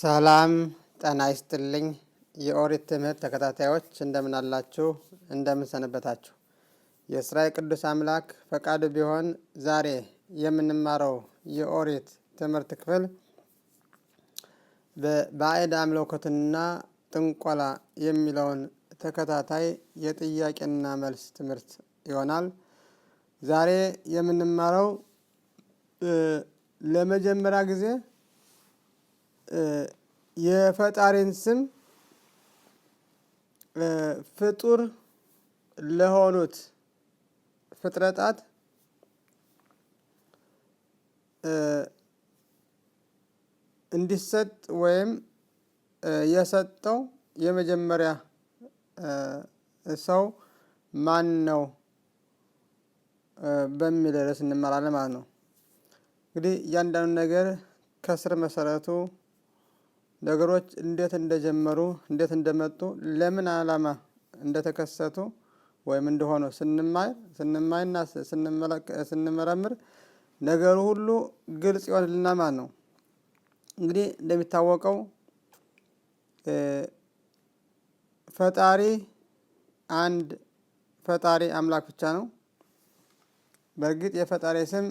ሰላም ጠና ይስጥልኝ። የኦሪት ትምህርት ተከታታዮች እንደምን አላችሁ? እንደምን ሰነበታችሁ? የእስራኤል ቅዱስ አምላክ ፈቃዱ ቢሆን ዛሬ የምንማረው የኦሪት ትምህርት ክፍል በባዕድ አምልኮትና ጥንቆላ የሚለውን ተከታታይ የጥያቄና መልስ ትምህርት ይሆናል። ዛሬ የምንማረው ለመጀመሪያ ጊዜ የፈጣሪን ስም ፍጡር ለሆኑት ፍጥረታት እንዲሰጥ ወይም የሰጠው የመጀመሪያ ሰው ማን ነው በሚል ርዕስ እንመራለን ማለት ነው። እንግዲህ እያንዳንዱ ነገር ከስር መሰረቱ ነገሮች እንዴት እንደጀመሩ እንዴት እንደመጡ ለምን ዓላማ እንደተከሰቱ ወይም እንደሆኑ ስንማይ ስንማይና ስንመረምር ነገሩ ሁሉ ግልጽ ይሆንልና ማለት ነው። እንግዲህ እንደሚታወቀው ፈጣሪ አንድ ፈጣሪ አምላክ ብቻ ነው። በእርግጥ የፈጣሪ ስም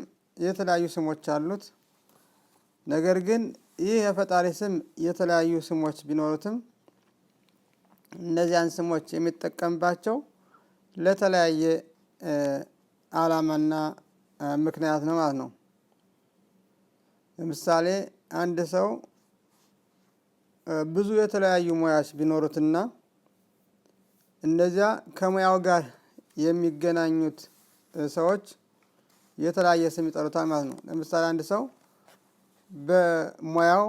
የተለያዩ ስሞች አሉት። ነገር ግን ይህ የፈጣሪ ስም የተለያዩ ስሞች ቢኖሩትም እነዚያን ስሞች የሚጠቀምባቸው ለተለያየ ዓላማና ምክንያት ነው ማለት ነው። ለምሳሌ አንድ ሰው ብዙ የተለያዩ ሙያዎች ቢኖሩትና እነዚያ ከሙያው ጋር የሚገናኙት ሰዎች የተለያየ ስም ይጠሩታል ማለት ነው። ለምሳሌ አንድ ሰው በሙያው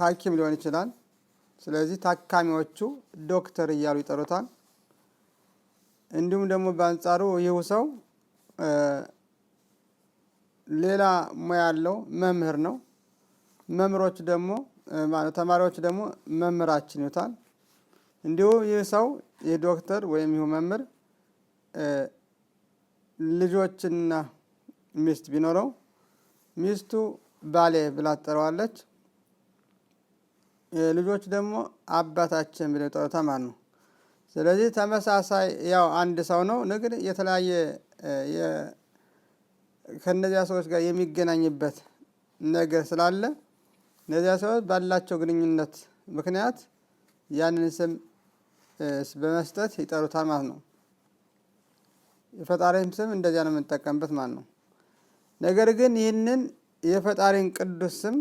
ሐኪም ሊሆን ይችላል። ስለዚህ ታካሚዎቹ ዶክተር እያሉ ይጠሩታል። እንዲሁም ደግሞ በአንጻሩ ይህ ሰው ሌላ ሙያ ያለው መምህር ነው። መምህሮች ደግሞ ተማሪዎች ደግሞ መምህራችን ይሉታል። እንዲሁ ይህ ሰው ይህ ዶክተር ወይም ይሁ መምህር ልጆችና ሚስት ቢኖረው ሚስቱ ባሌ ብላ ትጠራዋለች። ልጆች ደግሞ አባታችን ብለው ይጠሩታ ማን ነው። ስለዚህ ተመሳሳይ ያው አንድ ሰው ነው፣ ንግድ የተለያየ ከእነዚያ ሰዎች ጋር የሚገናኝበት ነገር ስላለ እነዚያ ሰዎች ባላቸው ግንኙነት ምክንያት ያንን ስም በመስጠት ይጠሩታል ማለት ነው። የፈጣሪም ስም እንደዚያ ነው የምንጠቀምበት ማለት ነው። ነገር ግን ይህንን የፈጣሪን ቅዱስ ስም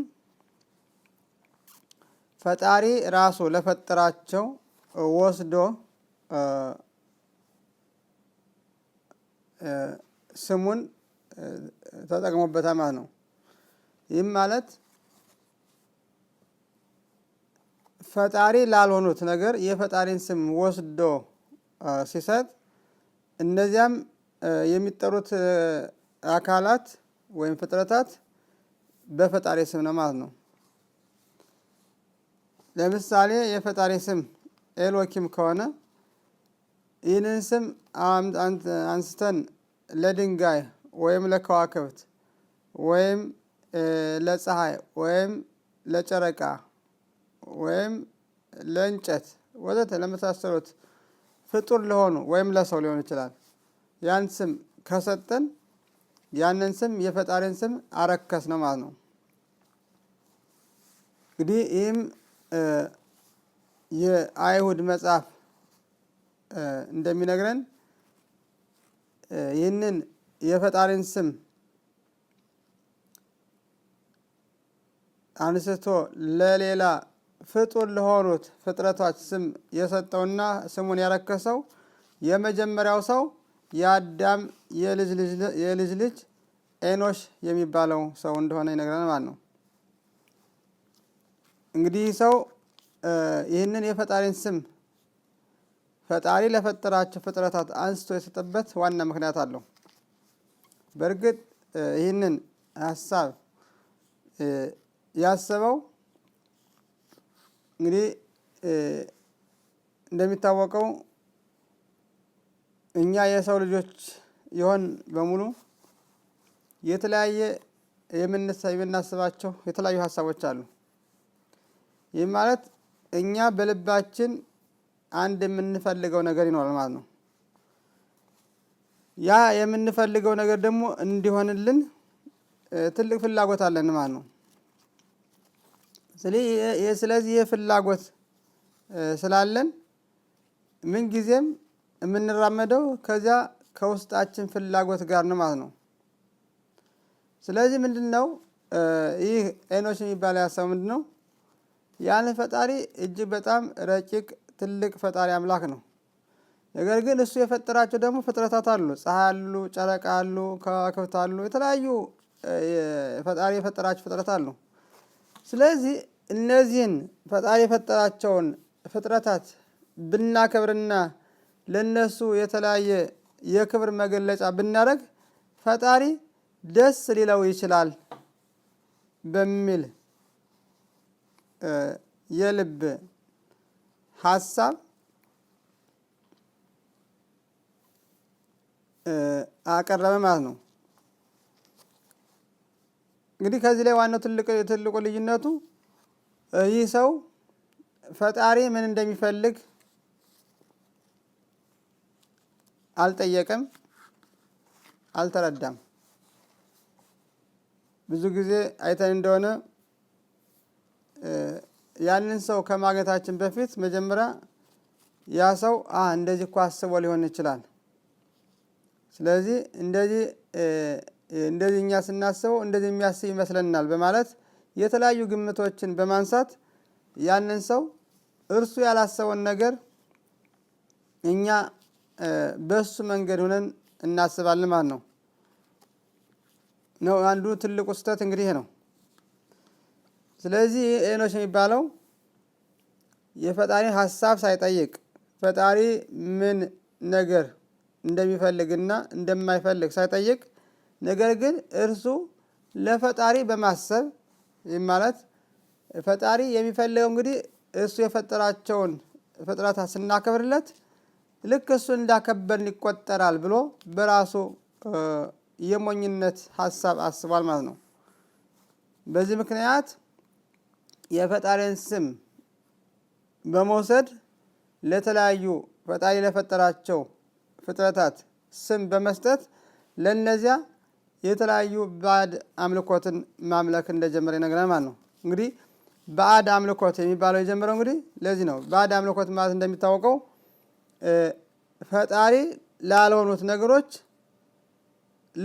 ፈጣሪ ራሱ ለፈጠራቸው ወስዶ ስሙን ተጠቅሞበታል ማለት ነው። ይህም ማለት ፈጣሪ ላልሆኑት ነገር የፈጣሪን ስም ወስዶ ሲሰጥ እነዚያም የሚጠሩት አካላት ወይም ፍጥረታት በፈጣሪ ስም ነው ማለት ነው። ለምሳሌ የፈጣሪ ስም ኤሎኪም ከሆነ ይህንን ስም አንስተን ለድንጋይ ወይም ለከዋክብት ወይም ለፀሐይ ወይም ለጨረቃ ወይም ለእንጨት ወዘተ ለመሳሰሉት ፍጡር ለሆኑ ወይም ለሰው ሊሆን ይችላል። ያን ስም ከሰጠን ያንን ስም የፈጣሪን ስም አረከስ ነው ማለት ነው። እንግዲህ ይህም የአይሁድ መጽሐፍ እንደሚነግረን ይህንን የፈጣሪን ስም አንስቶ ለሌላ ፍጡር ለሆኑት ፍጥረቶች ስም የሰጠውና ስሙን ያረከሰው የመጀመሪያው ሰው የአዳም የልጅ ልጅ ኤኖሽ የሚባለው ሰው እንደሆነ ይነግረን ማለት ነው። እንግዲህ ሰው ይህንን የፈጣሪን ስም ፈጣሪ ለፈጠራቸው ፍጥረታት አንስቶ የሰጠበት ዋና ምክንያት አለው። በእርግጥ ይህንን ሀሳብ ያሰበው እንግዲህ እንደሚታወቀው እኛ የሰው ልጆች የሆን በሙሉ የተለያየ የምናስባቸው የተለያዩ ሀሳቦች አሉ። ይህ ማለት እኛ በልባችን አንድ የምንፈልገው ነገር ይኖራል ማለት ነው። ያ የምንፈልገው ነገር ደግሞ እንዲሆንልን ትልቅ ፍላጎት አለን ማለት ነው። ስለዚህ ይህ ፍላጎት ስላለን ምንጊዜም የምንራመደው ከዚያ ከውስጣችን ፍላጎት ጋር ነው ማለት ነው። ስለዚህ ምንድን ነው ይህ ኤኖች የሚባለው ሀሳብ ምንድን ነው? ያን ፈጣሪ እጅግ በጣም ረቂቅ ትልቅ ፈጣሪ አምላክ ነው። ነገር ግን እሱ የፈጠራቸው ደግሞ ፍጥረታት አሉ። ፀሐይ አሉ፣ ጨረቃ አሉ፣ ከዋክብት አሉ፣ የተለያዩ ፈጣሪ የፈጠራቸው ፍጥረት አሉ። ስለዚህ እነዚህን ፈጣሪ የፈጠራቸውን ፍጥረታት ብናከብርና ለነሱ የተለያየ የክብር መገለጫ ብናደርግ ፈጣሪ ደስ ሊለው ይችላል በሚል የልብ ሀሳብ አቀረበ ማለት ነው። እንግዲህ ከዚህ ላይ ዋናው ትልቁ ልዩነቱ ይህ ሰው ፈጣሪ ምን እንደሚፈልግ አልጠየቀም፣ አልተረዳም። ብዙ ጊዜ አይተን እንደሆነ ያንን ሰው ከማግኘታችን በፊት መጀመሪያ ያ ሰው እንደዚህ እኮ አስቦ ሊሆን ይችላል። ስለዚህ እንደዚህ እንደዚህ እኛ ስናስበው እንደዚህ የሚያስብ ይመስለናል በማለት የተለያዩ ግምቶችን በማንሳት ያንን ሰው እርሱ ያላሰበውን ነገር እኛ በሱ መንገድ ሆነን እናስባለን ማለት ነው ነው አንዱ ትልቁ ስህተት እንግዲህ ነው። ስለዚህ ኤኖሽ የሚባለው የፈጣሪ ሀሳብ ሳይጠይቅ ፈጣሪ ምን ነገር እንደሚፈልግና እንደማይፈልግ ሳይጠይቅ ነገር ግን እርሱ ለፈጣሪ በማሰብ ማለት ፈጣሪ የሚፈልገው እንግዲህ እሱ የፈጠራቸውን ፍጥረታ ስናከብርለት ልክ እሱ እንዳከበርን ይቆጠራል ብሎ በራሱ የሞኝነት ሀሳብ አስቧል ማለት ነው። በዚህ ምክንያት የፈጣሪን ስም በመውሰድ ለተለያዩ ፈጣሪ ለፈጠራቸው ፍጥረታት ስም በመስጠት ለእነዚያ የተለያዩ ባዕድ አምልኮትን ማምለክ እንደጀመረ ይነግረናል ማለት ነው። እንግዲህ ባዕድ አምልኮት የሚባለው የጀመረው እንግዲህ ለዚህ ነው። ባዕድ አምልኮት ማለት እንደሚታወቀው ፈጣሪ ላልሆኑት ነገሮች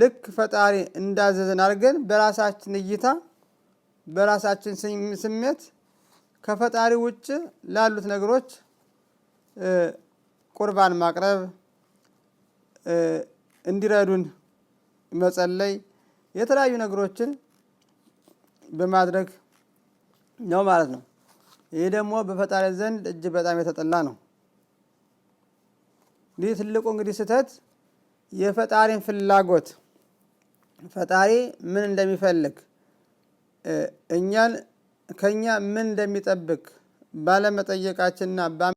ልክ ፈጣሪ እንዳዘዘን አድርገን በራሳችን እይታ በራሳችን ስሜት ከፈጣሪ ውጭ ላሉት ነገሮች ቁርባን ማቅረብ፣ እንዲረዱን መጸለይ፣ የተለያዩ ነገሮችን በማድረግ ነው ማለት ነው። ይህ ደግሞ በፈጣሪ ዘንድ እጅግ በጣም የተጠላ ነው። ይህ ትልቁ እንግዲህ ስህተት የፈጣሪን ፍላጎት ፈጣሪ ምን እንደሚፈልግ እኛን ከእኛ ምን እንደሚጠብቅ ባለመጠየቃችንና